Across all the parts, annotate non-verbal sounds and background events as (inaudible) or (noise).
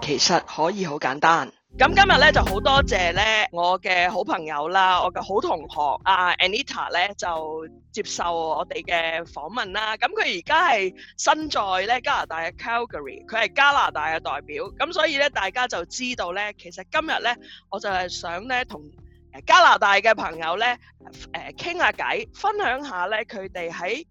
其實可以好簡單。咁今日咧就好多謝咧我嘅好朋友啦，我嘅好同學啊，Anita 咧就接受我哋嘅訪問啦。咁佢而家係身在咧加拿大嘅 Calgary，佢係加拿大嘅代表。咁所以咧大家就知道咧，其實今日咧我就係想咧同誒加拿大嘅朋友咧誒傾下偈，分享下咧佢哋喺。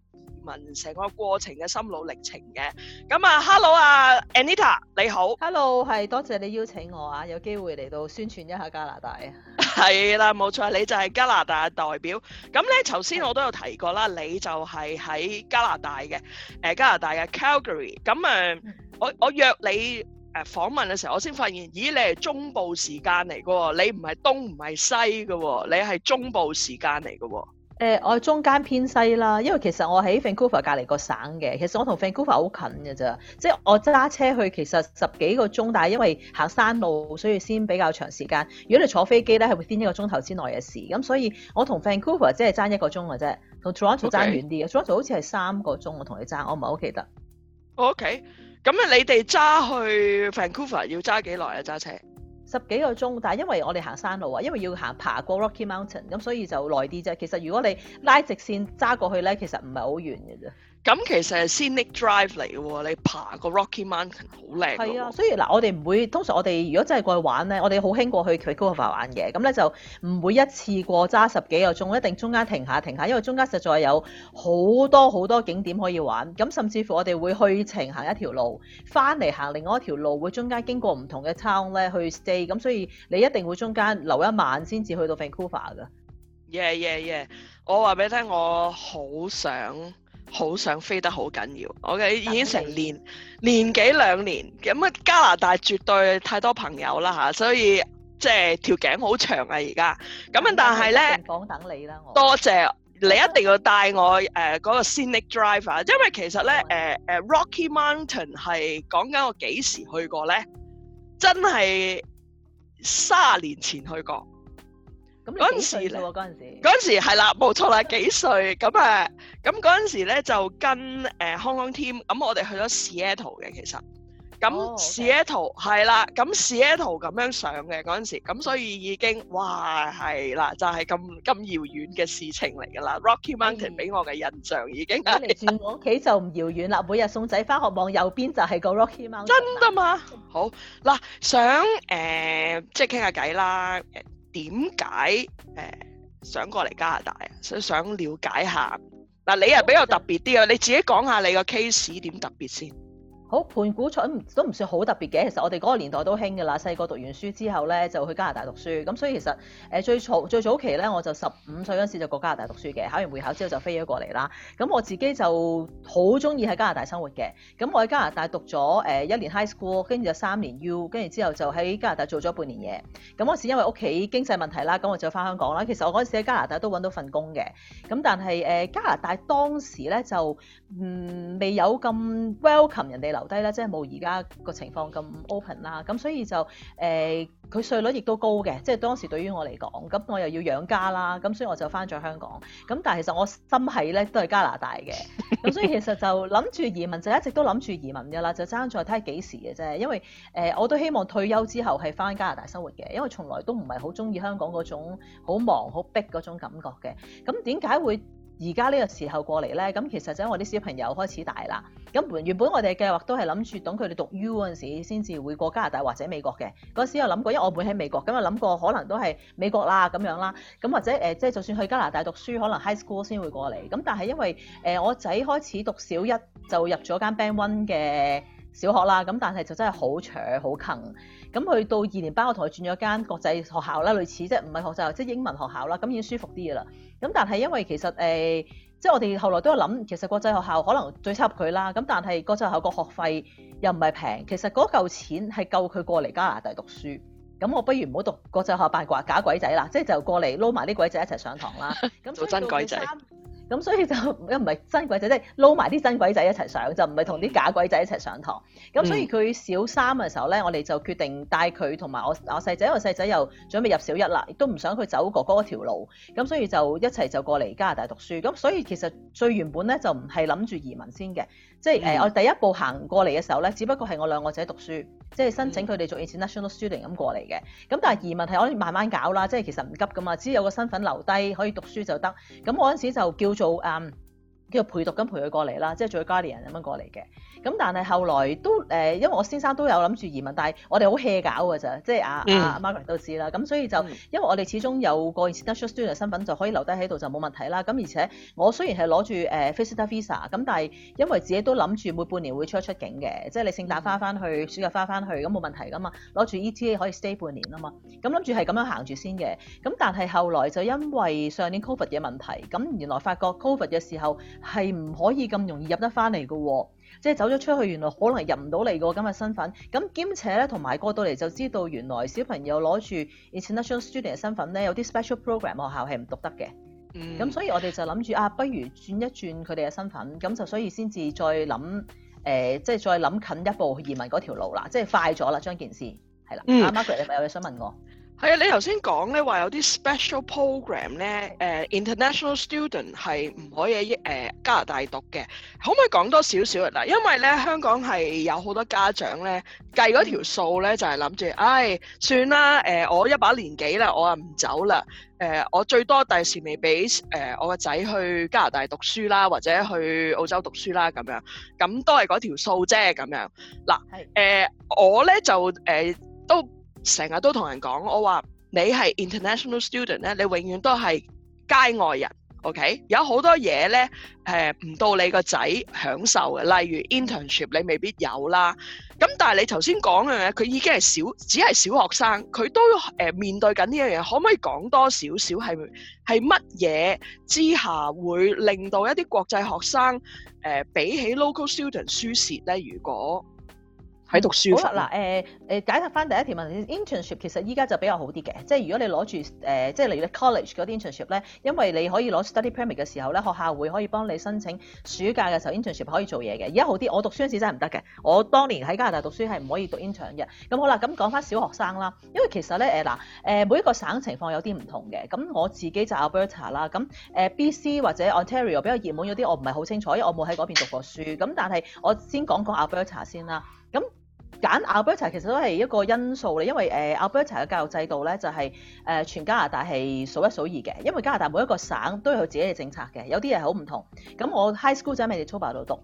問成個過程嘅心路歷程嘅，咁啊，Hello 啊，Anita 你好。Hello，係多謝你邀請我啊，有機會嚟到宣傳一下加拿大啊，係啦，冇錯，你就係加拿大代表，咁咧，頭先我都有提過啦，你就係喺加拿大嘅，誒，加拿大嘅 Calgary，咁誒，我我約你誒訪問嘅時候，我先發現，咦，你係中部時間嚟噶，你唔係東唔係西噶，你係中部時間嚟噶。呃、我中間偏西啦，因為其實我喺 Vancouver 隔離個省嘅，其實我同 Vancouver 好近嘅咋，即係我揸車去其實十幾個鐘，但係因為行山路，所以先比較長時間。如果你坐飛機咧，係會邊一個鐘頭之內嘅事。咁所以我同 Vancouver 即係爭一個鐘嘅啫，同 Toronto 爭遠啲嘅。Toronto、okay. 好似係三個鐘，我同你爭，我唔係好記得。O K，咁咧你哋揸去 Vancouver 要揸幾耐啊？揸車？十幾個鐘，但因為我哋行山路啊，因為要行爬過 Rocky Mountain，咁所以就耐啲啫。其實如果你拉直線揸過去呢，其實唔係好遠嘅啫。咁其實係 scenic drive 嚟喎，你爬個 Rocky Mountain 好靚。係啊，所以嗱，我哋唔會，通常我哋如果真係過去玩咧，我哋好興過去 Vancouver 玩嘅。咁咧就唔會一次過揸十幾個鐘，一定中間停下停下，因為中間實在有好多好多景點可以玩。咁甚至乎我哋會去程行一條路，翻嚟行另外一條路，會中間經過唔同嘅 town 咧去 stay。咁所以你一定會中間留一晚先至去到 Vancouver 噶。Yeah yeah yeah，我話俾你聽，我好想。好想飛得好緊要，OK，已經成年年幾兩年，咁啊加拿大絕對太多朋友啦吓，所以即係、就是、條頸好長啊而家，咁啊但係咧，房等你啦我。多謝你一定要帶我嗰、呃那個 Scenic Driver，因為其實咧、呃、Rocky Mountain 係講緊我幾時去過咧，真係三十年前去過。嗰陣時，嗰陣時，嗰陣時係啦，冇錯啦，幾歲？咁誒，咁嗰陣時咧，就跟誒 Hong Kongteam，咁我哋去咗西雅圖嘅其實，咁西雅圖係啦，咁西雅圖咁樣上嘅嗰陣時，咁所以已經，哇，係啦，就係咁咁遙遠嘅事情嚟㗎啦。Rocky Mountain 俾我嘅印象已經嚟住我屋企就唔遙遠啦，每日送仔返學望右邊就係個 Rocky Mountain。真㗎嘛？好嗱，想誒，即係傾下偈啦。點解誒想過嚟加拿大啊？所以想了解下。嗱、啊，你又比較特別啲啊？你自己講下你個 case 點特別先。好盤古彩都唔算好特別嘅，其實我哋嗰個年代都興㗎啦。細個讀完書之後咧，就去加拿大讀書。咁所以其實最早最早期咧，我就十五歲嗰時就過加拿大讀書嘅。考完會考之後就飛咗過嚟啦。咁我自己就好中意喺加拿大生活嘅。咁我喺加拿大讀咗一年 high school，跟住就三年 U，跟住之後就喺加拿大做咗半年嘢。咁嗰時因為屋企經濟問題啦，咁我就翻香港啦。其實我嗰時喺加拿大都搵到份工嘅。咁但係加拿大當時咧就。嗯，未有咁 welcome 人哋留低啦，即係冇而家個情況咁 open 啦。咁所以就誒，佢、呃、稅率亦都高嘅，即係當時對於我嚟講，咁我又要養家啦，咁所以我就翻咗香港。咁但係其實我心係咧都係加拿大嘅，咁所以其實就諗住移民 (laughs) 就一直都諗住移民嘅啦，就爭在睇下幾時嘅啫。因為誒、呃，我都希望退休之後係翻加拿大生活嘅，因為從來都唔係好中意香港嗰種好忙好逼嗰種感覺嘅。咁點解會？而家呢個時候過嚟呢，咁其實就我啲小朋友開始大啦。咁原本我哋計劃都係諗住等佢哋讀 U 嗰陣時，先至會過加拿大或者美國嘅。嗰、那個、時候有諗過，因為我會喺美國，咁又諗過可能都係美國啦咁樣啦。咁或者誒，即、呃、係就算去加拿大讀書，可能 High School 先會過嚟。咁但係因為誒、呃、我仔開始讀小一，就入咗間 Band One 嘅小學啦。咁但係就真係好長好近。咁去到二年班，我同佢轉咗間國際學校啦，類似即係唔係學校，即係英文學校啦。咁已經舒服啲嘅啦。咁但係因為其實誒、呃，即係我哋後來都有諗，其實國際學校可能最適合佢啦。咁但係國際學校個學費又唔係平，其實嗰嚿錢係夠佢過嚟加拿大讀書。咁我不如唔好讀國際學校八卦假鬼仔啦，即係就過嚟撈埋啲鬼仔一齊上堂啦。咁 (laughs) 做真鬼仔。咁所以就又唔係真鬼仔，即係撈埋啲真鬼仔一齊上，就唔係同啲假鬼仔一齊上堂。咁所以佢小三嘅時候咧，我哋就決定帶佢同埋我我細仔，因為細仔又準備入小一啦，亦都唔想佢走哥哥一條路。咁所以就一齊就過嚟加拿大讀書。咁所以其實最原本咧就唔係諗住移民先嘅，即係，嗯，呃，我第一步行過嚟嘅時候咧，只不過係我兩個仔讀書。即係申請佢哋做 international student 咁過嚟嘅，咁但係移民係可以慢慢搞啦，即係其實唔急噶嘛，只要有個身份留低可以讀書就得，咁我嗰陣時就叫做誒。Um 叫陪讀咁陪佢過嚟啦，即係做佢 guardian 咁樣過嚟嘅。咁但係後來都誒，因為我先生都有諗住移民，但係我哋好 hea 搞嘅咋，即係啊、嗯、啊 Margaret 都知啦。咁所以就、嗯、因為我哋始終有個 international student 身份就可以留低喺度就冇問題啦。咁而且我雖然係攞住誒 visitor visa，咁但係因為自己都諗住每半年會出一出境嘅，即係你聖誕翻翻去，暑假翻翻去咁冇問題噶嘛。攞住 ETA 可以 stay 半年啊嘛。咁諗住係咁樣行住先嘅。咁但係後來就因為上年 Covid 嘅問題，咁原來發覺 Covid 嘅時候。係唔可以咁容易入得翻嚟嘅，即係走咗出去，原來可能入唔到嚟嘅咁嘅身份。咁兼且咧，同埋過到嚟就知道，原來小朋友攞住 international student 嘅身份咧，有啲 special program 學校係唔讀得嘅。咁、嗯、所以我哋就諗住啊，不如轉一轉佢哋嘅身份，咁就所以先至再諗誒、呃，即係再諗近一步去移民嗰條路啦，即係快咗啦，將件事係啦、嗯啊。Margaret，你咪有嘢想問我？係啊，你頭先講咧話有啲 special program 咧，誒 international student 係唔可以誒、呃、加拿大讀嘅，可唔可以講多少少？嗱，因為咧香港係有好多家長咧計嗰條數咧，就係諗住，唉，算啦，誒、呃、我一把年紀啦，我呀唔走啦，誒、呃、我最多第時未俾誒我個仔去加拿大讀書啦，或者去澳洲讀書啦咁樣，咁都係嗰條數啫咁樣。嗱，誒、呃、我咧就誒、呃、都。成日都同人講，我話你係 international student 咧，你永遠都係街外人，OK？有好多嘢咧，誒、呃、唔到你個仔享受嘅，例如 internship 你未必有啦。咁但係你頭先講嘅佢已經係小，只係小學生，佢都誒、呃、面對緊呢樣嘢。可唔可以講多少少係乜嘢之下會令到一啲國際學生誒、呃、比起 local student 輸蝕咧？如果？喺讀書好啦嗱、呃，解答翻第一條問題。Internship 其實依家就比較好啲嘅，即係如果你攞住、呃、即係例如 college 嗰啲 internship 咧，因為你可以攞 study permit 嘅時候咧，學校會可以幫你申請暑假嘅時候 internship 可以做嘢嘅。而家好啲，我讀書嗰陣時真係唔得嘅。我當年喺加拿大讀書係唔可以讀 intern 嘅。咁好啦，咁講翻小學生啦，因為其實咧誒嗱每一個省情況有啲唔同嘅。咁我自己就 Alberta 啦，咁 B.C. 或者 Ontario 比較熱門有啲，我唔係好清楚，因為我冇喺嗰邊讀過書。咁但係我先講講 Alberta 先啦。咁揀 Alberta 其實都係一個因素咧，因為誒、呃、Alberta 嘅教育制度咧就係、是、誒、呃、全加拿大係數一數二嘅，因為加拿大每一個省都有自己嘅政策嘅，有啲嘢好唔同。咁我 high school 就喺美粗白度讀。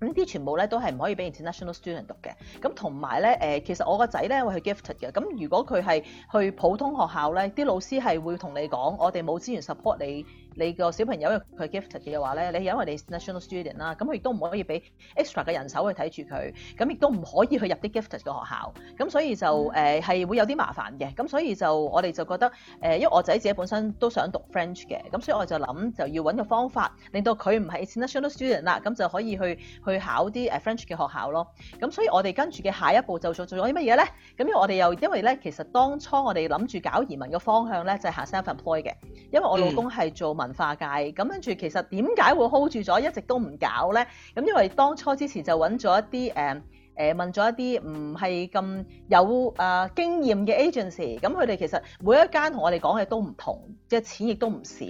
咁啲全部咧都係唔可以俾 international student 讀嘅，咁同埋咧誒，其實我個仔咧會去 gifted 嘅，咁如果佢係去普通學校咧，啲老師係會同你講，我哋冇資源 support 你。你個小朋友佢 gifted 嘅話咧，你因為你 international student 啦，咁佢亦都唔可以俾 extra 嘅人手去睇住佢，咁亦都唔可以去入啲 gifted 嘅學校，咁所以就誒係、嗯呃、會有啲麻煩嘅，咁所以就我哋就覺得誒、呃，因為我仔自己本身都想讀 French 嘅，咁所以我就諗就要揾個方法令到佢唔係 international student 啦，咁就可以去去考啲誒 French 嘅學校咯。咁所以我哋跟住嘅下一步就做咗啲乜嘢咧？咁因為我哋又因為咧，其實當初我哋諗住搞移民嘅方向咧，就係行 self-employed 嘅，因為我老公係做文、嗯。文化界，咁跟住，其實點解會 hold 住咗一直都唔搞咧？咁因為當初之前就揾咗一啲誒。呃誒問咗一啲唔係咁有誒、啊、經驗嘅 agency，咁佢哋其實每一間同我哋講嘅都唔同，即係錢亦都唔少，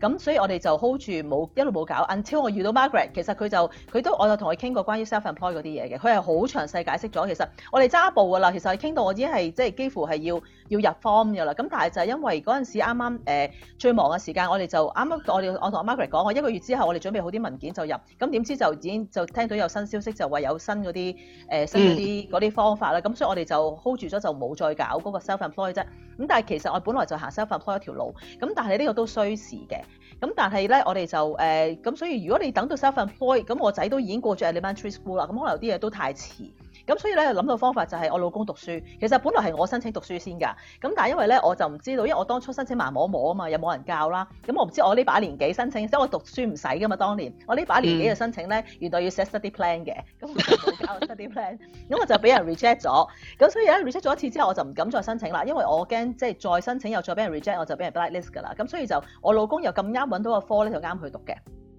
咁所以我哋就 hold 住冇一路冇搞，until 我遇到 Margaret，其實佢就佢都我就同佢傾過關於 self-employed 嗰啲嘢嘅，佢係好詳細解釋咗。其實我哋揸一步噶啦，其實傾到我已經係即係幾乎係要要入 form 嘅啦。咁但係就係因為嗰陣時啱啱誒最忙嘅時間，我哋就啱啱我哋我同 Margaret 講，我一個月之後我哋準備好啲文件就入。咁點知就已經就聽到有新消息，就話有新嗰啲。誒新一啲嗰啲方法啦，咁、嗯、所以我哋就 hold 住咗，就冇再搞嗰個 self-employed 啫。咁但係其實我本來就行 self-employed 一條路，咁但係呢個都需時嘅。咁但係咧，我哋就誒咁，呃、所以如果你等到 self-employed，咁我仔都已經過咗 elementary school 啦，咁可能有啲嘢都太遲。咁所以咧，諗到方法就係我老公讀書，其實本來係我申請讀書先噶，咁但係因為咧我就唔知道，因為我當初申請盲摸摸啊嘛，又冇人教啦，咁我唔知我呢把年紀申請，即係我讀書唔使噶嘛，當年我呢把年紀嘅申請咧，原來要寫 study plan 嘅，咁冇教我 study plan，咁 (laughs) 我就俾人 reject 咗，咁所以咧 reject 咗一次之後，我就唔敢再申請啦，因為我驚即係再申請又再俾人 reject，我就俾人 blacklist 噶啦，咁所以就我老公又咁啱揾到個科咧，就啱去讀嘅。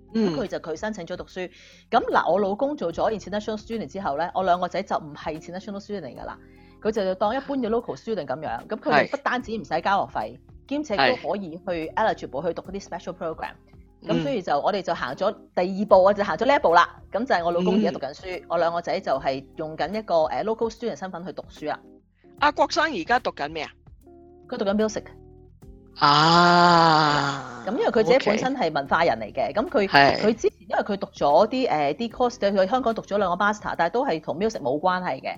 咁、嗯、佢就佢申請咗讀書，咁嗱我老公做咗完 international student 之後咧，我兩個仔就唔係 international student 嚟噶啦，佢就當一般嘅 local student 咁樣，咁佢不單止唔使交學費，兼且都可以去 eligible 去讀嗰啲 special program，咁所以就我哋就行咗第二步啊，我就行咗呢一步啦，咁就係我老公而家讀緊書、嗯，我兩個仔就係用緊一個誒 local student 身份去讀書啦。阿、啊、國生而家讀緊咩啊？佢讀緊 music。啊！咁因為佢自己本身係文化人嚟嘅，咁佢佢之前因為佢讀咗啲誒啲 course，佢喺香港讀咗兩個 master 但係都係同 music 冇關係嘅。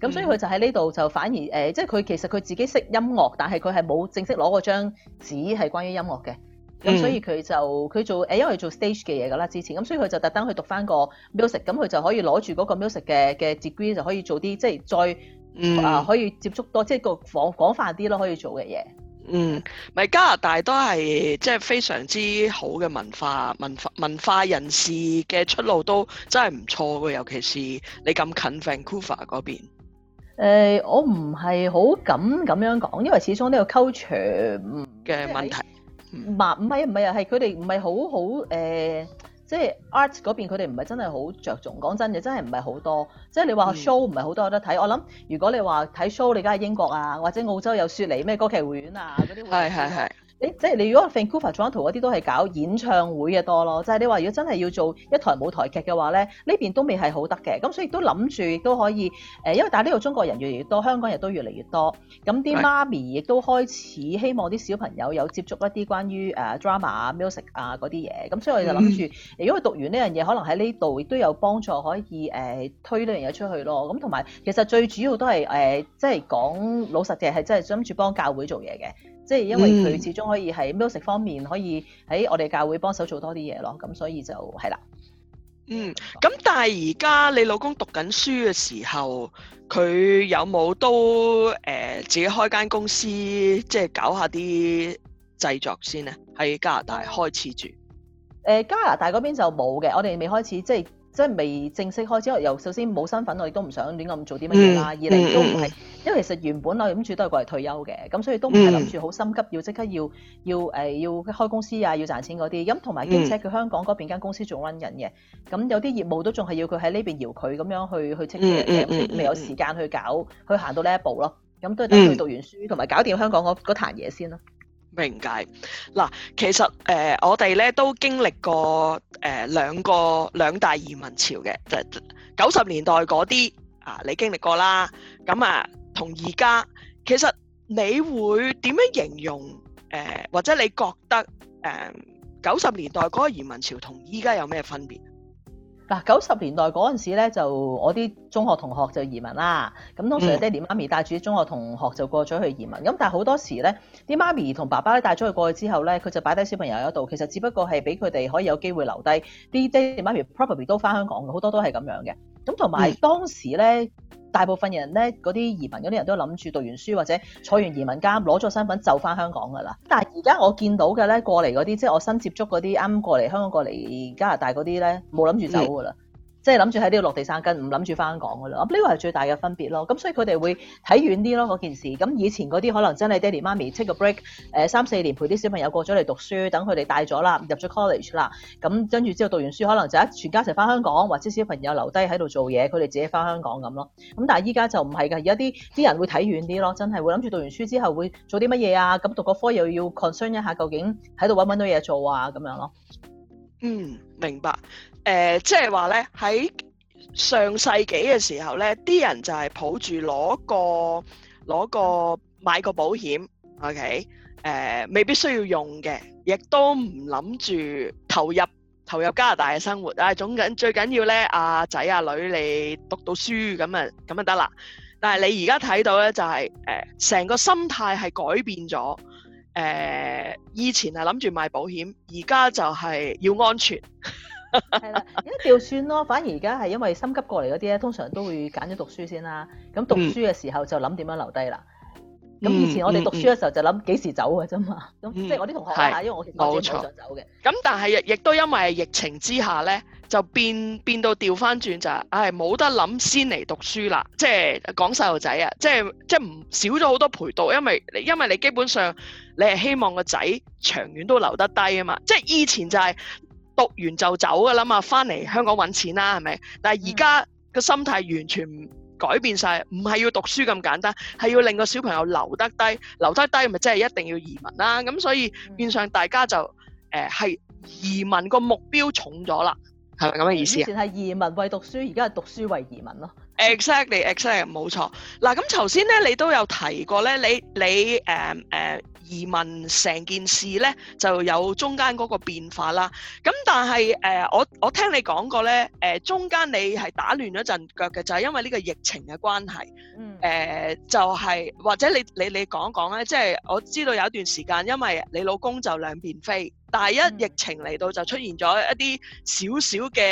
咁、嗯、所以佢就喺呢度就反而誒、呃，即係佢其實佢自己識音樂，但係佢係冇正式攞過張紙係關於音樂嘅。咁、嗯、所以佢就佢做誒、呃，因為做 stage 嘅嘢噶啦，之前咁，所以佢就特登去讀翻個 music，咁佢就可以攞住嗰個 music 嘅嘅 degree 就可以做啲即係再啊、嗯呃、可以接觸多即係個廣廣泛啲咯，可以做嘅嘢。嗯，咪加拿大都係即係非常之好嘅文化，文化文化人士嘅出路都真係唔錯嘅，尤其是你咁近 Vancouver 嗰邊、呃，我唔係好敢咁樣講，因為始終呢個 culture 嘅問題，唔係唔係唔係啊，係佢哋唔係好好即係 art 嗰邊，佢哋唔係真係好着重。講真嘅，真係唔係好多。即係你話 show 唔係好多有得睇。我諗如果你話睇 show，你而家喺英國啊，或者澳洲有雪梨咩歌劇匯院啊嗰啲。係係係。你即係你如果 Vancouver 做一啲嗰啲都係搞演唱會嘅多咯，即、就、係、是、你話如果真係要做一台舞台劇嘅話咧，呢邊都未係好得嘅，咁所以都諗住都可以誒，因為但係呢度中國人越嚟越多，香港人亦都越嚟越多，咁啲媽咪亦都開始希望啲小朋友有接觸一啲關於誒 drama 啊 music 啊嗰啲嘢，咁所以我就諗住、嗯，如果佢讀完呢樣嘢，可能喺呢度亦都有幫助，可以誒、呃、推呢樣嘢出去咯。咁同埋其實最主要都係誒，即係講老實嘅係真係諗住幫教會做嘢嘅。即係因為佢始終可以喺美食方面、嗯、可以喺我哋教會幫手做多啲嘢咯，咁所以就係啦。嗯，咁但係而家你老公讀緊書嘅時候，佢有冇都誒、呃、自己開間公司，即係搞下啲製作先咧？喺加拿大開始住？誒、呃，加拿大嗰邊就冇嘅，我哋未開始即係。即係未正式開始，因為由首先冇身份，我哋都唔想亂咁做啲乜嘢啦。二嚟都唔係，因為其實原本我諗住都係過嚟退休嘅，咁所以都唔係諗住好心急要即刻要要誒、呃、要開公司啊，要賺錢嗰啲。咁同埋而且佢香港嗰邊間公司做温人嘅，咁有啲業務都仲係要佢喺呢邊搖佢咁樣去去清嘅，未、嗯嗯、有時間去搞去行到呢一步咯。咁都係等佢讀完書，同埋搞掂香港嗰壇嘢先咯。明解，嗱，其實誒、呃、我哋咧都經歷過誒、呃、兩個兩大移民潮嘅，就係九十年代嗰啲啊，你經歷過啦。咁、嗯、啊，同而家其實你會點樣形容誒、呃，或者你覺得誒九十年代嗰個移民潮同依家有咩分別？嗱，九十年代嗰陣時咧，就我啲中學同學就移民啦。咁通常爹哋媽咪帶住啲中學同學就過咗去移民。咁、嗯、但係好多時咧，啲媽咪同爸爸咧帶咗佢過去之後咧，佢就擺低小朋友喺度。其實只不過係俾佢哋可以有機會留低啲爹哋媽咪，probably 都翻香港嘅，好多都係咁樣嘅。咁同埋當時咧。嗯大部分人呢，嗰啲移民嗰啲人都諗住讀完書或者坐完移民監，攞咗身份就翻香港噶啦。但係而家我見到嘅呢，過嚟嗰啲，即係我新接觸嗰啲啱啱過嚟香港過嚟加拿大嗰啲呢，冇諗住走噶啦。即係諗住喺呢度落地生根，唔諗住翻香港噶啦。咁呢個係最大嘅分別咯。咁所以佢哋會睇遠啲咯嗰件事。咁以前嗰啲可能真係爹哋媽咪 take a break，誒三四年陪啲小朋友過咗嚟讀書，等佢哋大咗啦，入咗 college 啦。咁跟住之後讀完書，可能就一全家一齊翻香港，或者小朋友留低喺度做嘢，佢哋自己翻香港咁咯。咁但係依家就唔係㗎，而家啲啲人會睇遠啲咯，真係會諗住讀完書之後會做啲乜嘢啊？咁讀個科又要 concern 一下，究竟喺度揾唔揾到嘢做啊？咁樣咯。嗯，明白。誒、呃，即係話咧，喺上世紀嘅時候咧，啲人就係抱住攞個攞個買個保險，OK？誒、呃，未必需要用嘅，亦都唔諗住投入投入加拿大嘅生活，但係啊！總緊最緊要咧，阿仔阿女你讀到書咁啊，咁咪得啦。但係你而家睇到咧、就是，就係誒，成個心態係改變咗。誒、呃，以前係諗住買保險，而家就係要安全。係 (laughs) 啦，一調算咯。反而而家係因為心急過嚟嗰啲咧，通常都會揀咗讀書先啦。咁讀書嘅時候就諗點樣留低啦。咁、嗯、以前我哋讀書嘅時候就諗幾時走嘅啫嘛。咁即係我啲同學啊，因為我我哋經常走嘅。咁但係亦亦都因為疫情之下咧，就變變到調翻轉就係、是，唉、哎，冇得諗先嚟讀書啦。即係講細路仔啊，即係即係唔少咗好多陪讀，因為你因為你基本上你係希望個仔長遠都留得低啊嘛。即、就、係、是、以前就係、是。讀完就走噶啦嘛，翻嚟香港揾錢啦，係咪？但係而家個心態完全改變晒，唔係要讀書咁簡單，係要令個小朋友留得低，留得低咪即係一定要移民啦。咁所以變相大家就誒係、呃、移民個目標重咗啦，係咪咁嘅意思啊？以前係移民為讀書，而家係讀書為移民咯。Exactly，Exactly，冇錯。嗱咁頭先呢，你都有提過呢，你你誒誒。呃呃移民成件事咧就有中間嗰個變化啦。咁但係、呃、我我聽你講過咧、呃，中間你係打亂咗陣腳嘅，就係、是、因為呢個疫情嘅關係。嗯。呃、就係、是、或者你你你講一講咧，即、就、係、是、我知道有一段時間因為你老公就兩邊飛，但係一疫情嚟到、嗯、就出現咗一啲少少嘅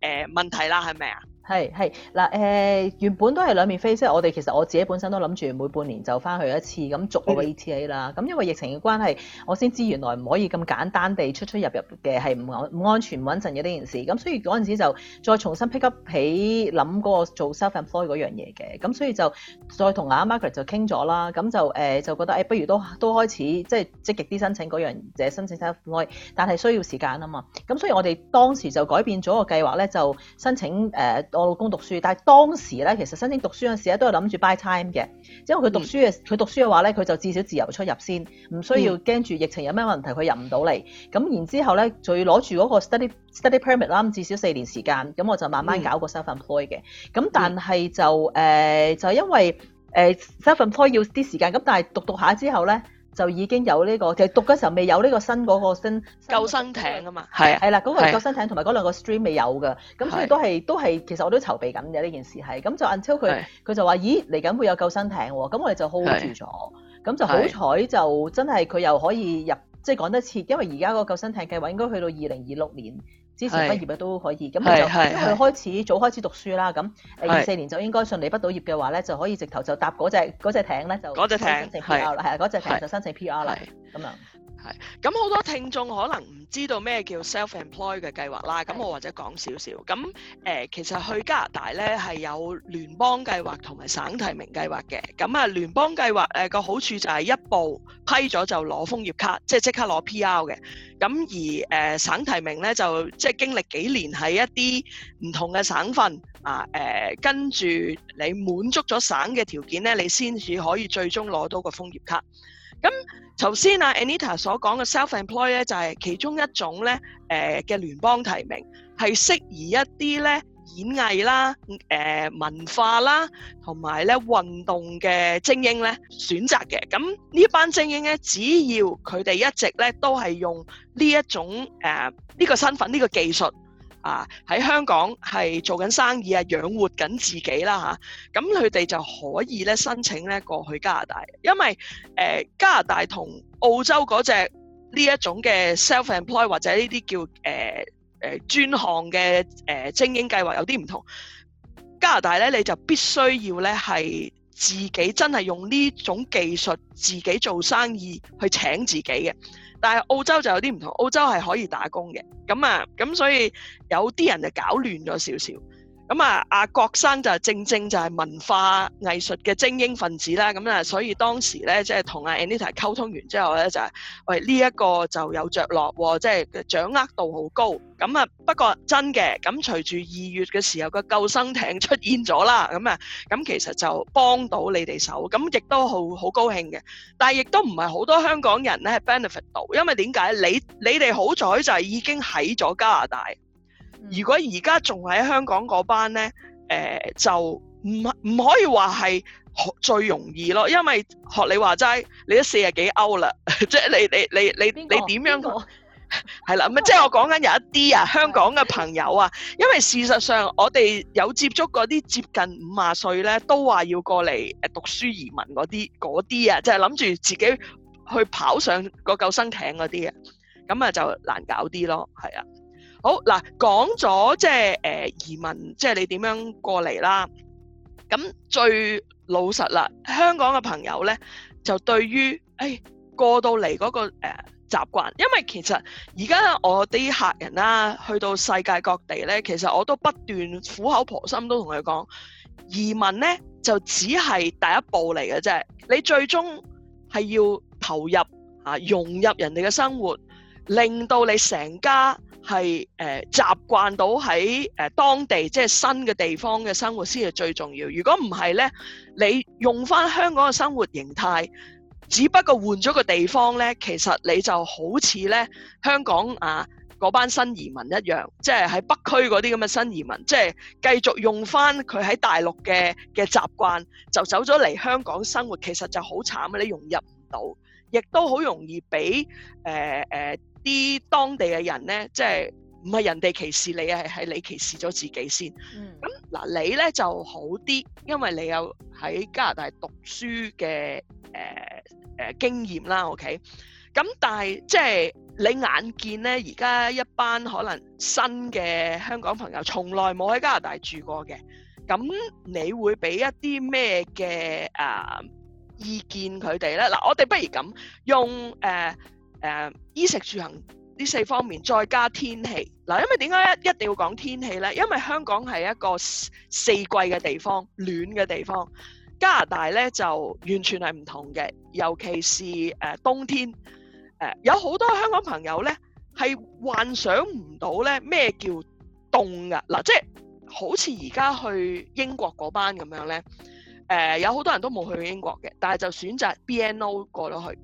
呃問題啦，係咪啊？係，係，嗱，原本都係兩面 f 即 c，我哋其實，我自己本身都諗住每半年就翻去一次，咁逐個 E.T.A. 啦。咁因為疫情嘅關係，我先知道原來唔可以咁簡單地出出入入嘅，係唔安唔安全唔穩陣嘅啲件事。咁所以嗰陣時就再重新 pick up 起諗嗰個做 self-employed 嗰樣嘢嘅。咁所以就再同阿 Margaret 就傾咗啦。咁就誒就覺得誒、哎，不如都都開始即係積極啲申請嗰樣嘢，申請 self-employed。但係需要時間啊嘛。咁所以我哋當時就改變咗個計劃咧，就申請、呃我老公讀書，但係當時咧，其實申請讀書嗰陣時咧，都係諗住 buy time 嘅，因為佢讀書嘅佢、嗯、讀書嘅話咧，佢就至少自由出入先，唔需要驚住疫情有咩問題佢入唔到嚟。咁然之後咧，就要攞住嗰個 study study permit 啦，至少四年時間。咁我就慢慢搞個 self employ 嘅。咁、嗯、但係就誒、呃、就因為誒、呃、self employ 要啲時間，咁但係讀讀下之後咧，就已經有呢、這個，其實讀嘅時候未有呢個新嗰個新，新的救生艇啊嘛，係係、啊、啦，嗰、那個救生艇同埋嗰兩個 stream 未有嘅，咁、啊、所以都係都係，其實我都籌備緊嘅呢件事係，咁就 until 佢佢、啊、就話咦嚟緊會有救生艇喎、哦，咁我哋就 hold 住咗，咁、啊、就好彩就真係佢又可以入，即係趕得切，因為而家個救生艇計劃應該去到二零二六年。之前畢業嘅都可以，咁佢就係因為佢開始早開始讀書啦，咁誒二四年就應該順利畢到業嘅話咧，就可以直頭就搭嗰隻嗰隻艇咧就嗰隻艇申請 PR 啦，係啊，嗰隻艇就申請 PR 啦，咁樣。係，咁好多聽眾可能唔知道咩叫 self-employed 嘅計劃啦。咁我或者講少少。咁誒、呃，其實去加拿大咧係有聯邦計劃同埋省提名計劃嘅。咁啊，聯邦計劃誒個好處就係一步批咗就攞楓葉卡，即係即刻攞 P.R. 嘅。咁而誒、呃、省提名咧就即係經歷幾年喺一啲唔同嘅省份啊誒、呃，跟住你滿足咗省嘅條件咧，你先至可以最終攞到個楓葉卡。咁頭先 Anita 所講嘅 self-employed 咧，就係、是、其中一種咧，嘅、呃、聯邦提名係適宜一啲咧演藝啦、呃、文化啦同埋咧運動嘅精英咧選擇嘅。咁呢班精英咧，只要佢哋一直咧都係用呢一種呢、呃呢個身份呢、呢個技術。啊！喺香港係做緊生意啊，養活緊自己啦吓。咁佢哋就可以咧申請咧過去加拿大，因為誒、呃、加拿大同澳洲嗰隻呢一種嘅 self-employed 或者呢啲叫誒誒、呃呃、專項嘅誒、呃、精英計劃有啲唔同。加拿大咧你就必須要咧係自己真係用呢種技術自己做生意去請自己嘅。但係澳洲就有啲唔同，澳洲係可以打工嘅，咁啊，咁所以有啲人就搞亂咗少少。咁啊，阿郭生就正正就係文化藝術嘅精英分子啦，咁啊，所以當時咧即係同阿 Anita 溝通完之後咧就係、是，喂呢一、這個就有着落喎，即、哦、係、就是、掌握度好高。咁啊，不過真嘅，咁隨住二月嘅時候個救生艇出現咗啦，咁啊，咁其實就幫到你哋手，咁亦都好好高興嘅。但係亦都唔係好多香港人咧 benefit 到，因為點解你你哋好彩就係已經喺咗加拿大。如果而家仲喺香港嗰班咧，誒、呃、就唔唔可以話係學最容易咯，因為學你話齋，你都四十幾歐了 (laughs) (laughs) 啦，即係你你你你你點樣講？係啦，咁即係我講緊有一啲啊，香港嘅朋友啊，因為事實上我哋有接觸嗰啲接近五啊歲咧，都話要過嚟誒讀書移民嗰啲嗰啲啊，就係諗住自己去跑上個救生艇嗰啲啊，咁啊就難搞啲咯，係啊。好嗱，講咗即係誒移民，即係你點樣過嚟啦？咁最老實啦，香港嘅朋友咧，就對於誒、哎、過到嚟嗰、那個誒習慣，因為其實而家我啲客人啦、啊，去到世界各地咧，其實我都不斷苦口婆心都同佢講，移民咧就只係第一步嚟嘅啫，你最終係要投入嚇、啊、融入人哋嘅生活。令到你成家係誒、呃、習慣到喺誒、呃、當地即係新嘅地方嘅生活先係最重要的。如果唔係呢，你用翻香港嘅生活形態，只不過換咗個地方呢，其實你就好似呢香港啊嗰班新移民一樣，即係喺北區嗰啲咁嘅新移民，即係繼續用翻佢喺大陸嘅嘅習慣，就走咗嚟香港生活，其實就好慘啊！你融入唔到，亦都好容易俾誒誒，呃呃啲當地嘅人呢，即係唔係人哋歧視你啊，係你歧視咗自己先。咁、嗯、嗱，你呢就好啲，因為你有喺加拿大讀書嘅誒誒經驗啦。OK，咁但係即係你眼見呢，而家一班可能新嘅香港朋友，從來冇喺加拿大住過嘅，咁你會俾一啲咩嘅誒意見佢哋呢？嗱、呃，我哋不如咁用誒。呃誒、呃、衣食住行呢四方面，再加天氣嗱、呃，因為點解一一定要講天氣呢？因為香港係一個四季嘅地方，暖嘅地方。加拿大呢就完全係唔同嘅，尤其是、呃、冬天、呃、有好多香港朋友呢係幻想唔到呢咩叫凍㗎嗱，即好似而家去英國嗰班咁樣呢、呃，有好多人都冇去英國嘅，但係就選擇 BNO 過咗去。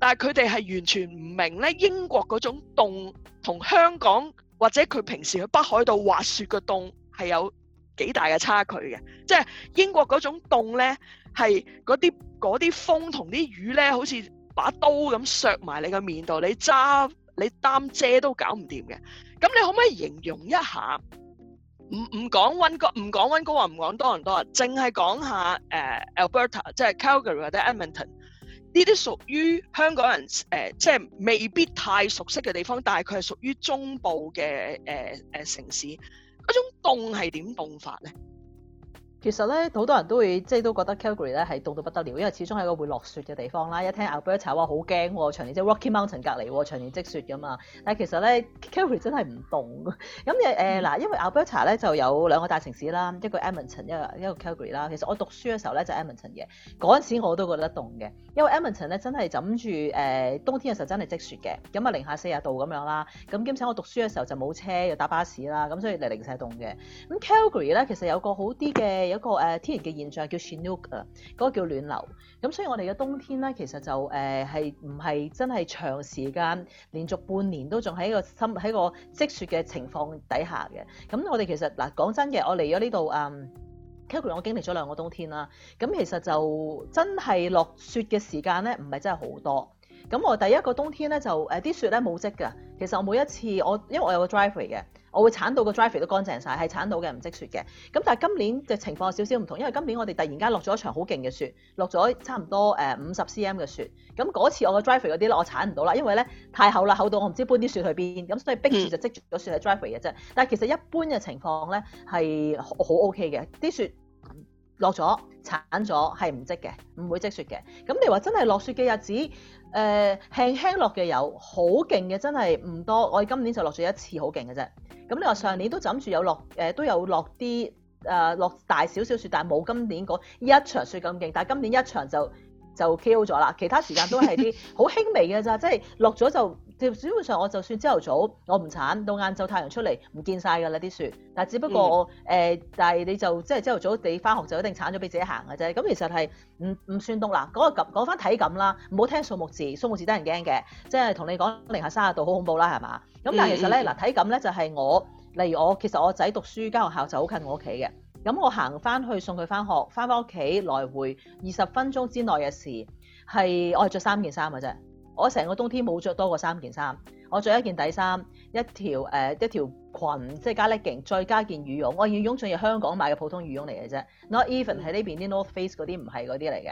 但係佢哋係完全唔明咧英國嗰種凍同香港或者佢平時去北海道滑雪嘅凍係有幾大嘅差距嘅，即係英國嗰種凍咧係嗰啲啲風同啲雨咧，好似把刀咁削埋你個面度，你揸你擔遮都搞唔掂嘅。咁你可唔可以形容一下？唔唔講温哥唔講温哥華，唔講多倫多，淨係講下誒、呃、Alberta，即係 Calgary 或者 Edmonton。呢啲屬於香港人誒、呃，即係未必太熟悉嘅地方，但係佢係屬於中部嘅誒誒城市，嗰種凍係點凍法咧？其實咧好多人都會即係都覺得 Calgary 咧係凍到不得了，因為始終係個會落雪嘅地方啦。一聽 Alberta 哇，好驚，長年即係 Rocky Mountain 隔離，長年積雪噶嘛。但係其實咧 Calgary 真係唔凍。咁誒誒嗱，因為 Alberta 咧就有兩個大城市啦，一個 Edmonton，一個一個 Calgary 啦。其實我讀書嘅時候咧就 Edmonton 嘅，嗰陣時我都覺得凍嘅，因為 Edmonton 咧真係枕住、呃、冬天嘅時候真係積雪嘅，咁啊零下四十度咁樣啦。咁兼且我讀書嘅時候就冇車，又搭巴士啦，咁所以嚟零舍凍嘅。咁 Calgary 咧其實有個好啲嘅。有一個誒天然嘅現象叫 Chinook 啊，嗰個叫暖流。咁所以我哋嘅冬天咧，其實就誒係唔係真係長時間連續半年都仲喺個深喺個積雪嘅情況底下嘅。咁我哋其實嗱講真嘅，我嚟咗呢度 k 嗯，我經歷咗兩個冬天啦。咁其實就真係落雪嘅時間咧，唔係真係好多。咁我第一個冬天咧就誒啲雪咧冇積㗎。其實我每一次我因為我有個 driveway 嘅。我會鏟到個 drive 都乾淨晒，係鏟到嘅，唔積雪嘅。咁但係今年嘅情況有少少唔同，因為今年我哋突然間落咗場好勁嘅雪，落咗差唔多誒五十 cm 嘅雪。咁嗰次我個 drive 嗰啲咧，我鏟唔到啦，因為咧太厚啦，厚到我唔知搬啲雪去邊，咁所以逼住就積住咗雪喺 drive 嘅啫。但係其實一般嘅情況咧係好 OK 嘅，啲雪落咗鏟咗係唔積嘅，唔會積雪嘅。咁你話真係落雪嘅日子？誒、呃、輕輕落嘅有，好勁嘅真係唔多。我今年就落咗一次好勁嘅啫。咁你話上年都諗住有落、呃、都有落啲呃、落大少少雪，但係冇今年嗰一場雪咁勁。但係今年一場就就 K.O. 咗啦。其他時間都係啲好輕微嘅咋，即係落咗就。條基本上，我就算朝頭早我唔鏟，到晏晝太陽出嚟唔見晒㗎啦，啲雪。但係只不過我誒、嗯呃，但係你就即係朝頭早你翻學就一定鏟咗俾自己行㗎啫。咁其實係唔唔算凍啦。嗰個講翻體感啦，唔好聽數目字，數目字得人驚嘅。即係同你講零下三十度好恐怖啦，係嘛？咁但係其實咧嗱、嗯，體感咧就係、是、我，例如我其實我仔讀書間學校就好近我屋企嘅。咁我行翻去送佢翻學，翻返屋企來回二十分鐘之內嘅事，係我係着三件衫㗎啫。我成個冬天冇着多過三件衫，我着一件底衫，一條誒、呃、一條裙，即係加粒勁，再加件羽絨。我羽絨仲要用香港買嘅普通羽絨嚟嘅啫，not even 喺呢邊啲 North Face 嗰啲，唔係嗰啲嚟嘅。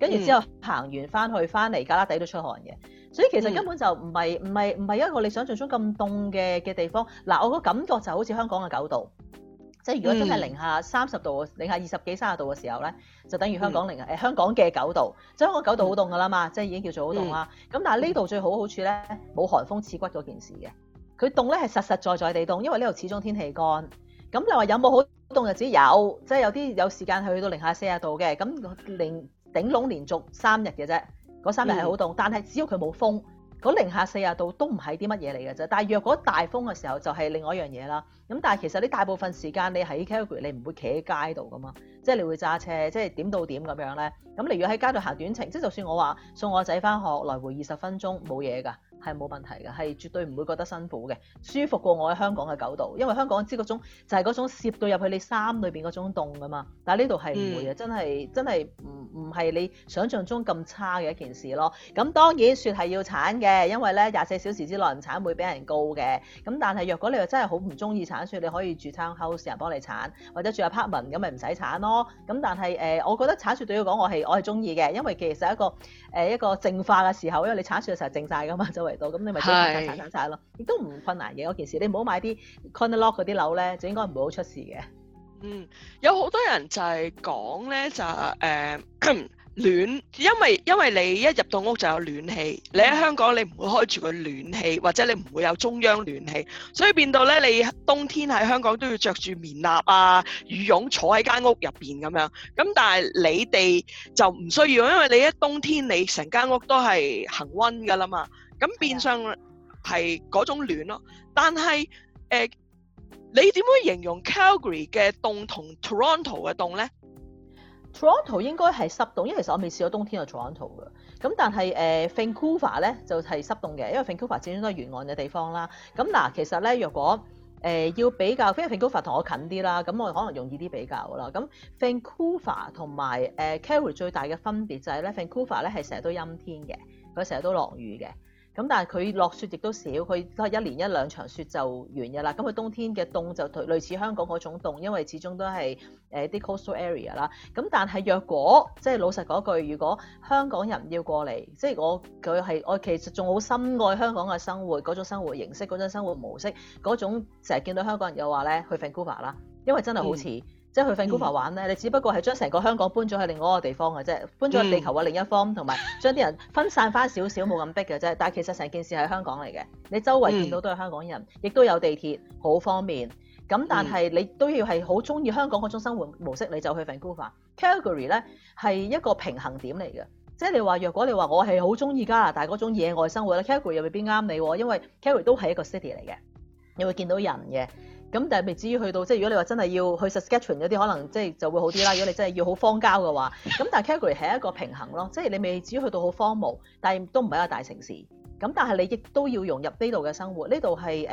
跟住之後行完翻去翻嚟，加粒底都出汗嘅。所以其實根本就唔係唔係唔係一個你想像中咁凍嘅嘅地方。嗱，我個感覺就好似香港嘅九度。即係如果真係零下三十度、嗯、零下二十幾、三十度嘅時候咧，就等於香港零誒香港嘅九度，香港九度好凍㗎啦嘛，嗯、即係已經叫做好凍啦。咁、嗯、但係呢度最好好處咧，冇寒風刺骨嗰件事嘅，佢凍咧係實實在在地凍，因為呢度始終天氣乾。咁你話有冇好凍嘅？只有即係有啲有時間去到零下四十度嘅，咁連頂籠連續三日嘅啫，嗰三日係好凍，但係只要佢冇風。嗰零下四十度都唔係啲乜嘢嚟嘅啫，但係若果大風嘅時候就係另外一樣嘢啦。咁但係其實你大部分時間你喺 Calgary 你唔會企喺街度㗎嘛，即係你會揸車即係點到點咁樣呢。咁例如喺街度行短程，即係就算我話送我仔返學來回二十分鐘冇嘢㗎。係冇問題嘅，係絕對唔會覺得辛苦嘅，舒服過我喺香港嘅九度，因為香港知嗰種就係嗰種攝到入去你衫裏邊嗰種凍㗎嘛。但係呢度係唔會嘅、嗯，真係真係唔唔係你想象中咁差嘅一件事咯。咁、嗯、當然雪係要鏟嘅，因為咧廿四小時之內唔鏟會俾人告嘅。咁但係若果你又真係好唔中意鏟雪，你可以住 townhouse 人幫你鏟，或者住 apartment 咁咪唔使鏟咯。咁但係誒、呃，我覺得鏟雪對我講，我係我係中意嘅，因為其實一個誒、呃、一個淨化嘅時候，因為你鏟雪嘅時候淨晒噶嘛，就多咁，你咪即刻拆曬咯，亦都唔困難嘅件事。你唔好買啲 condo 嗰啲樓咧，就應該唔會好出事嘅。嗯，有好多人就係講咧，就誒暖、呃，因為因為你一入到屋就有暖氣，嗯、你喺香港你唔會開住個暖氣，或者你唔會有中央暖氣，所以變到咧你冬天喺香港都要着住棉襖啊、羽絨坐喺間屋入邊咁樣。咁但係你哋就唔需要，因為你一冬天你成間屋都係恒溫噶啦嘛。咁變相係嗰種暖咯，但係誒、呃、你點樣形容 Calgary 嘅凍同 Toronto 嘅凍咧？Toronto 應該係濕凍，因為其實我未試過冬天喺 Toronto 嘅。咁但係誒 Vancouver 咧就係、是、濕凍嘅，因為 Vancouver 始終都係沿岸嘅地方啦。咁嗱，其實咧若果誒、呃、要比較，因為 Vancouver 同我近啲啦，咁我可能容易啲比較啦。咁 Vancouver 同埋誒 Calgary 最大嘅分別就係咧，Vancouver 咧係成日都陰天嘅，佢成日都落雨嘅。咁但係佢落雪亦都少，佢都係一年一兩場雪就完嘅啦。咁佢冬天嘅凍就類似香港嗰種凍，因為始終都係誒啲 coastal area 啦。咁但係若果即係老實講句，如果香港人要過嚟，即係我佢係我其實仲好深愛香港嘅生活嗰種生活形式、嗰種生活模式、嗰種成日見到香港人又話咧，去 Vancouver 啦，因為真係好似。嗯即係去 Vancouver 玩咧、嗯，你只不過係將成個香港搬咗去另外一個地方嘅啫，搬咗去地球嘅另一方，同埋將啲人分散翻少少，冇咁逼嘅啫。但係其實成件事係香港嚟嘅，你周圍見到都係香港人、嗯，亦都有地鐵，好方便。咁但係你都要係好中意香港嗰種生活模式，你就去 Vancouver。Calgary 咧係一個平衡點嚟嘅，即係你話若果你話我係好中意加拿大嗰種野外生活咧，Calgary 又未必啱你喎，因為 Calgary 都係一個 city 嚟嘅，你會見到人嘅。咁但係未至於去到，即係如果你話真係要去 Saskatchewan 嗰啲，可能即係就會好啲啦。如果你真係要好荒郊嘅話，咁但係 Calgary 係一個平衡咯，即係你未至於去到好荒蕪，但係都唔係一個大城市。咁但係你亦都要融入呢度嘅生活，呢度係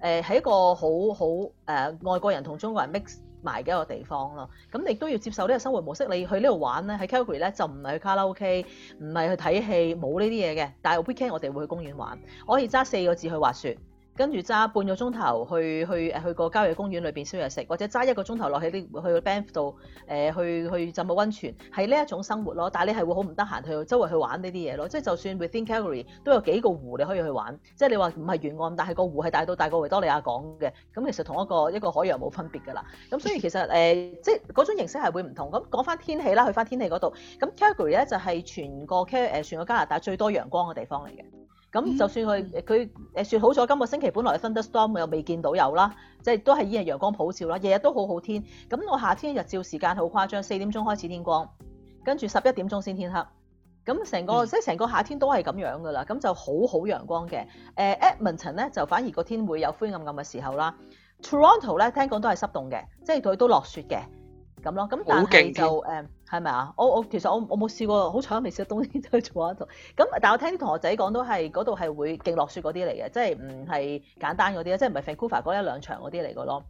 誒係一個好好、呃、外國人同中國人 mix 埋嘅一個地方咯。咁你都要接受呢個生活模式。你去呢度玩咧，喺 Calgary 咧就唔係去卡拉 OK，唔係去睇戲，冇呢啲嘢嘅。但係 weekend 我哋會去公園玩，我可以揸四個字去滑雪。跟住揸半個鐘頭去去誒去個郊野公園裏邊燒嘢食，或者揸一個鐘頭落去啲去個 Banff 度誒去去，去浸個溫泉，係呢一種生活咯。但係你係會好唔得閒去周圍去玩呢啲嘢咯。即係就算 within Calgary 都有幾個湖你可以去玩，即係你話唔係沿岸，但係個湖係大到大過維多利亞港嘅。咁其實同一個一個海洋冇分別噶啦。咁所以其實誒、呃、即係嗰種形式係會唔同。咁講返天氣啦，去返天氣嗰度。咁 Calgary 咧就係、是、全個 Cal 全個加拿大最多陽光嘅地方嚟嘅。咁就算佢佢説好咗，今個星期本來係 Thunderstorm 又未見到有啦，即係都係已日陽光普照啦，日日都好好天。咁我夏天日照時間好誇張，四點鐘開始天光，跟住十一點鐘先天黑。咁成個、嗯、即係成個夏天都係咁樣噶啦，咁就很好好陽光嘅。誒、呃、Edmonton 咧就反而個天會有灰暗暗嘅時候啦。Toronto 咧聽講都係濕凍嘅，即係佢都落雪嘅。咁咯，咁但係就誒，係咪、嗯、啊？我我其實我我冇試過，好彩我未試過冬天就去咗嗰度。咁但係我聽啲同學仔講都係嗰度係會勁落雪嗰啲嚟嘅，即係唔係簡單嗰啲咧，即係唔係 Vancouver 嗰一兩場嗰啲嚟嘅咯。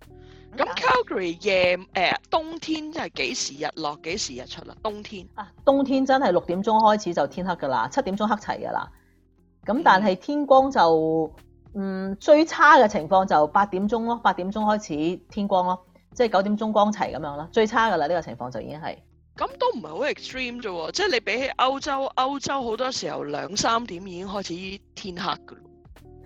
咁 Calgary 夜誒冬天係幾時日落幾時日出啊？冬天啊，冬天真係六點鐘開始就天黑㗎啦，七點鐘黑齊㗎啦。咁但係天光就嗯，嗯最差嘅情況就八點鐘咯，八點鐘開始天光咯。即係九點鐘光齊咁樣啦，最差㗎啦，呢個情況就已經係。咁都唔係好 extreme 啫喎，即係你比起歐洲，歐洲好多時候兩三點已經開始天黑嘅。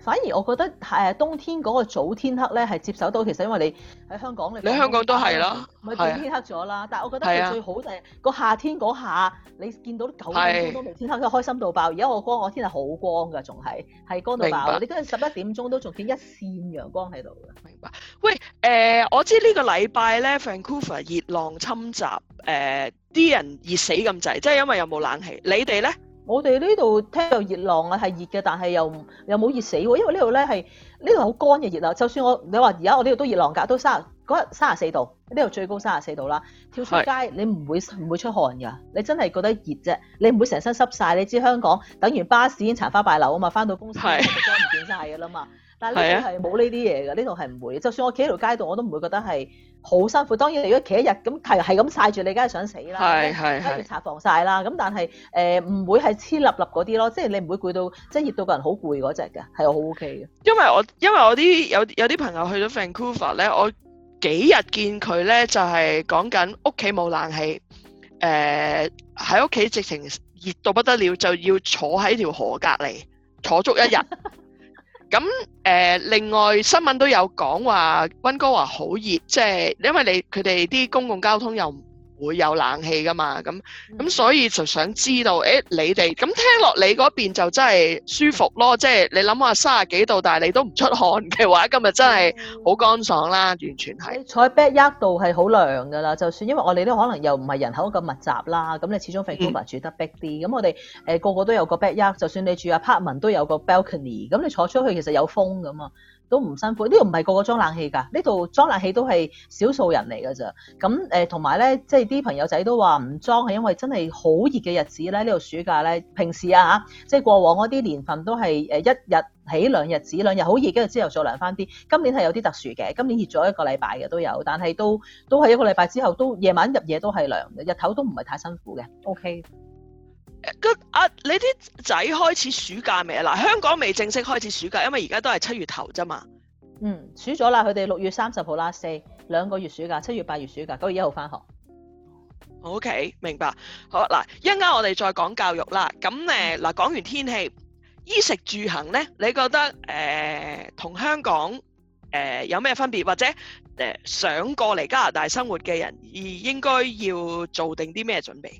反而我覺得誒、呃、冬天嗰個早天黑咧，係接受到其實因為你喺香港咧，你香港都係啦，咪早天黑咗啦、啊。但係我覺得佢最好就係個夏天嗰下，你見到九點鐘都未天黑，啊、開心到爆。而家我光我天氣好光㗎，仲係係光到爆。你今日十一點鐘都仲見一線陽光喺度。明白。喂誒、呃，我知道這個呢個禮拜咧，Vancouver 熱浪侵襲，誒、呃、啲人熱死咁滯，即係因為有冇冷氣。你哋咧？我哋呢度聽到熱浪啊，係熱嘅，但係又又冇熱死喎，因為呢度咧，係呢度好乾嘅熱啊。就算我你話而家我呢度都熱浪㗎，都三嗰日三十四度，呢度最高三十四度啦。跳出街你唔會唔會出汗㗎，你真係覺得熱啫，你唔會成身濕晒，你知香港等完巴士已經殘花敗柳啊嘛，翻到公司啲衫唔見晒㗎啦嘛。 (laughs) 但係呢度係冇呢啲嘢㗎，呢度係唔會。就算我企喺條街度，我都唔會覺得係。好辛苦，當然你如果企一日咁係係咁晒住，你梗係想死啦。係係係。跟住搽防晒啦，咁但係誒唔會係黐笠笠嗰啲咯，即係你唔會攰到，即係熱到個人好攰嗰隻嘅，係我好 OK 嘅。因為我因為我啲有有啲朋友去咗 Vancouver 咧，我幾日見佢咧就係講緊屋企冇冷氣，誒喺屋企直情熱到不得了，就要坐喺條河隔離坐足一日。 (laughs) 咁誒、呃，另外新聞都有講話溫哥華好熱，即係因為你佢哋啲公共交通又唔。會有冷氣噶嘛？咁咁所以就想知道，誒、欸、你哋咁聽落你嗰邊就真係舒服咯，即係你諗下三十幾度，但係你都唔出汗嘅話，今日真係好乾爽啦，完全係坐喺 backyard 度係好涼噶啦。就算因為我哋都可能又唔係人口咁密集啦，咁你始終肥 i c 住得逼啲，咁、嗯、我哋誒、呃、個個都有個 backyard，就算你住 apartment 都有個 balcony，咁你坐出去其實有風咁嘛。都唔辛苦，呢度唔係個個裝冷氣㗎，呢度裝冷氣都係少數人嚟㗎咋，咁誒同埋咧，即係啲朋友仔都話唔裝係因為真係好熱嘅日子咧，呢度暑假咧，平時啊嚇，即係過往嗰啲年份都係一日起兩日子，兩日好熱，跟住之後再涼翻啲。今年係有啲特殊嘅，今年熱咗一個禮拜嘅都有，但係都都係一個禮拜之後都夜晚入夜都係涼嘅，日頭都唔係太辛苦嘅，OK。咁、啊、你啲仔開始暑假未啊？嗱，香港未正式開始暑假，因為而家都係七月頭啫嘛。嗯，暑咗啦，佢哋六月三十號啦，四兩個月暑假，七月八月暑假，九月一號翻學。OK，明白。好啦，嗱，一陣間我哋再講教育啦。咁誒，嗱、呃，講完天氣，衣食住行咧，你覺得誒同、呃、香港誒、呃、有咩分別？或者誒、呃、想過嚟加拿大生活嘅人，而應該要做定啲咩準備？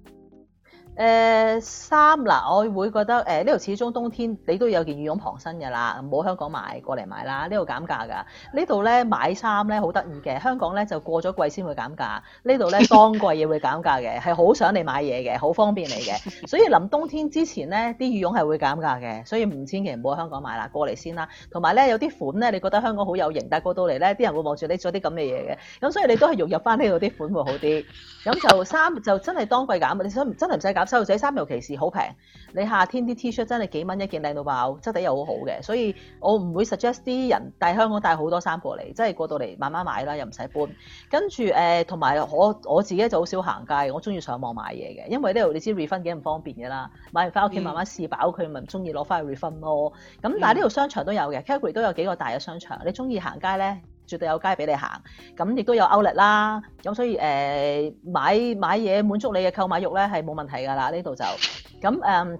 誒衫嗱，我會覺得誒呢度始終冬天你都有件羽絨傍身㗎啦，好香港買過嚟買啦，呢度減價㗎。呢度咧買衫咧好得意嘅，香港咧就過咗季先會減價，呢度咧當季嘢會減價嘅，係 (laughs) 好想你買嘢嘅，好方便嚟嘅。所以臨冬天之前咧，啲羽絨係會減價嘅，所以唔千祈唔好喺香港買啦，過嚟先啦。同埋咧有啲款咧，你覺得香港好有型，但係過到嚟咧，啲人會望住你做啲咁嘅嘢嘅，咁所以你都係融入翻呢度啲款會好啲。咁 (laughs) 就衫就真係當季你想真唔使減？細路仔衫尤其是好平，你夏天啲 t 恤真係幾蚊一件，靚到爆，質地又好好嘅，所以我唔會 suggest 啲人帶香港帶好多衫過嚟，即係過到嚟慢慢買啦，又唔使搬。跟住誒，同、呃、埋我我自己就好少行街，我中意上網買嘢嘅，因為呢度你知 refine 幾唔方便嘅啦，買完翻屋企慢慢試飽，佢咪唔中意攞翻去 refine 咯。咁但係呢度商場都有嘅、嗯、Calgary 都有幾個大嘅商場，你中意行街咧？絕對有街俾你行，咁亦都有 Outlet 啦，咁所以誒買買嘢滿足你嘅購買欲咧係冇問題㗎啦，嗯、吃呢度就咁誒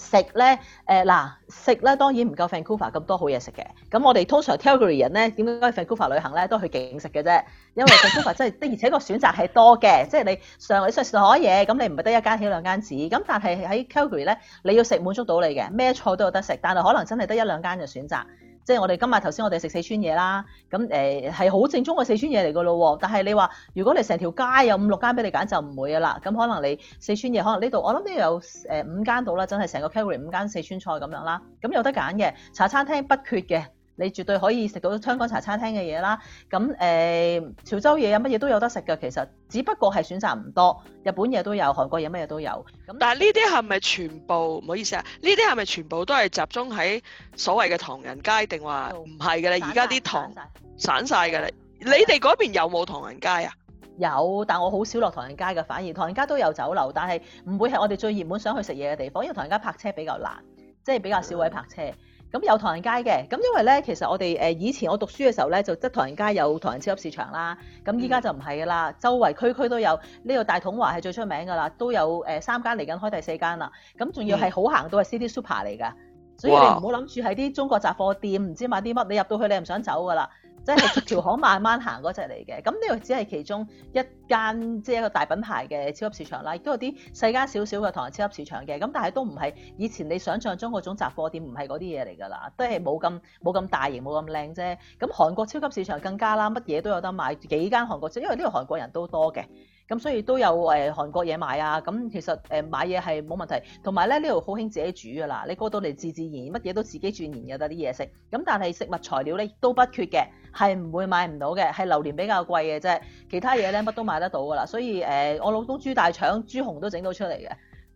食咧誒嗱食咧當然唔夠 Vancouver 咁多好嘢食嘅，咁我哋通常 Calgary 人咧點解去 Vancouver 旅行咧都去勁食嘅啫，因為 Vancouver 真係的而且個選擇係多嘅，即係你上你想食海嘢咁你唔係得一間幾兩間止，咁但係喺 Calgary 咧你要食滿足到你嘅咩菜都有得食，但係可能真係得一兩間嘅選擇。即係我哋今日頭先，我哋食四川嘢啦，咁係好正宗嘅四川嘢嚟㗎咯。但係你話，如果你成條街有五六間俾你揀，就唔會㗎啦。咁可能你四川嘢，可能呢度我諗都有五間到啦，真係成個 Calgary 五間四川菜咁樣啦。咁有得揀嘅茶餐廳不缺嘅。你絕對可以食到香港茶餐廳嘅嘢啦，咁誒、呃、潮州嘢啊，乜嘢都有得食㗎，其實，只不過係選擇唔多。日本嘢都有，韓國嘢乜嘢都有。咁但係呢啲係咪全部唔好意思啊？呢啲係咪全部都係集中喺所謂嘅唐人街定話唔係㗎啦？而家啲唐散晒㗎啦。你哋嗰邊有冇唐人街啊？有，但我好少落唐人街㗎，反而唐人街都有酒樓，但係唔會係我哋最熱門想去食嘢嘅地方，因為唐人街泊車比較難，即係比較少位泊車。嗯咁、嗯、有唐人街嘅，咁因為咧，其實我哋誒、呃、以前我讀書嘅時候咧，就即唐人街有唐人超級市場啦。咁依家就唔係噶啦，周圍區區都有。呢度大統華係最出名噶啦，都有、呃、三間嚟緊開第四間啦。咁、嗯、仲、嗯、要係好行到係 City Super 嚟噶，所以你唔好諗住喺啲中國雜貨店，唔知買啲乜，你入到去你唔想走噶啦。 (laughs) 即係條巷慢慢行嗰隻嚟嘅，咁呢度只係其中一間，即係一個大品牌嘅超級市場啦。亦都有啲細間少少嘅唐人超級市場嘅，咁但係都唔係以前你想象中嗰種雜貨店，唔係嗰啲嘢嚟㗎啦，都係冇咁冇咁大型，冇咁靚啫。咁韓國超級市場更加啦，乜嘢都有得買，幾間韓國，因為呢度韓國人都多嘅。咁所以都有誒、呃、韓國嘢買啊！咁其實誒、呃、買嘢係冇問題，同埋咧呢度好興自己煮噶啦。你過到嚟自自然乜嘢都自己煮自然得啲嘢食。咁但係食物材料咧都不缺嘅，係唔會買唔到嘅，係榴蓮比較貴嘅啫。其他嘢咧乜都買得到噶啦。所以、呃、我老公豬大腸、豬紅都整到出嚟嘅。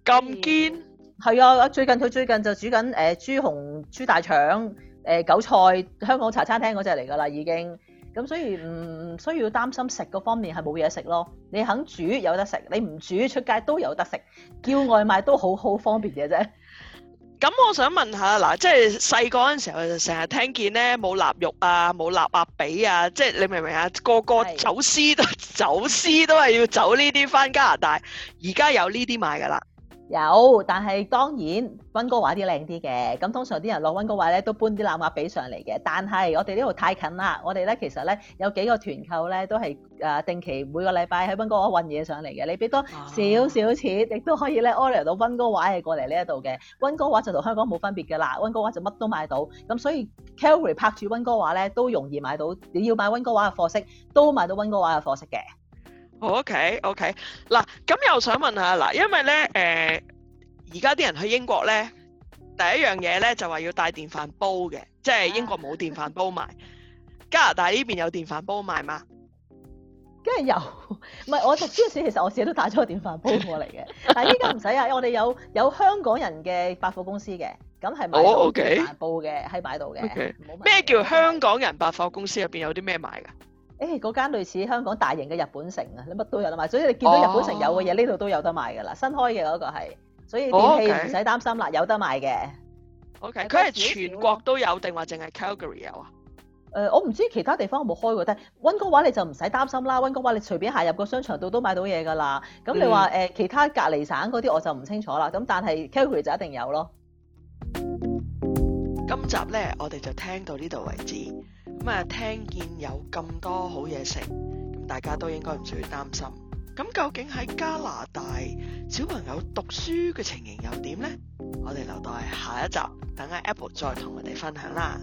咁、嗯、堅？係啊，最近佢最近就煮緊誒、呃、豬紅、豬大腸、誒、呃、韭菜，香港茶餐廳嗰隻嚟噶啦已經。咁所以唔需、嗯、要擔心食嗰方面係冇嘢食咯。你肯煮有得食，你唔煮出街都有得食，叫外賣都好好方便嘅啫。咁、嗯、我想問下啦，嗱，即係細個嗰陣時候我就成日聽見咧冇臘肉啊，冇臘鴨髀啊，即係你明唔明啊？個個走私都係走私都係要走呢啲翻加拿大，而家有呢啲賣㗎啦？有，但係當然，温哥華啲靚啲嘅。咁通常啲人落温哥華咧，都搬啲垃圾俾上嚟嘅。但係我哋呢度太近啦，我哋咧其實咧有幾個團購咧都係誒定期每個禮拜喺温哥華運嘢上嚟嘅。你俾多少少錢，啊，亦都可以咧安排到温哥華係過嚟呢一度嘅。温哥華就同香港冇分別嘅啦，温哥華就乜都買到。咁所以 Calgary 拍住温哥華咧都容易買到，你要買温哥華嘅貨色都買到温哥華嘅貨色嘅。O K O K 嗱，咁又想問下嗱，因為咧誒，而家啲人去英國咧，第一樣嘢咧就話要帶電飯煲嘅，即係英國冇電飯煲賣。 (laughs) 加拿大呢邊有電飯煲賣嘛？梗係有，唔係我讀書時，其實我自己都帶咗個電飯煲過嚟嘅。 (laughs) 但係而家唔使啊，因為我哋有有香港人嘅百貨公司嘅，咁係買電飯煲嘅喺、oh, okay. 買到嘅。咩、okay. 叫香港人百貨公司入邊有啲咩買㗎？誒、哎、嗰間類似香港大型嘅日本城啊，你乜都有得賣，所以你見到日本城有嘅嘢，呢、oh. 度都有得賣噶啦。新開嘅嗰個係，所以電器唔使擔心啦，oh, okay. 有得賣嘅。OK，佢係全國都有定話淨係 Calgary 有啊？誒、呃，我唔知其他地方有冇開過，但係溫哥華你就唔使擔心啦，溫哥華你隨便行入個商場度都買到嘢噶啦。咁你話誒、嗯、其他隔離省嗰啲我就唔清楚啦。咁但係 Calgary 就一定有咯。今集咧，我哋就聽到呢度為止。咁啊，聽見有咁多好嘢食，咁大家都應該唔需要擔心。咁究竟喺加拿大小朋友讀書嘅情形又點呢？我哋留待下一集等阿 Apple 再同我哋分享啦。